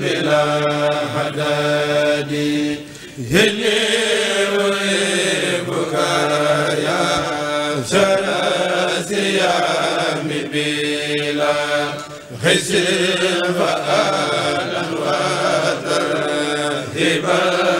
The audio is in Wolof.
بلا حدادي هني ويبك يا سراسي يا بلا خسر فأهلا وترهبا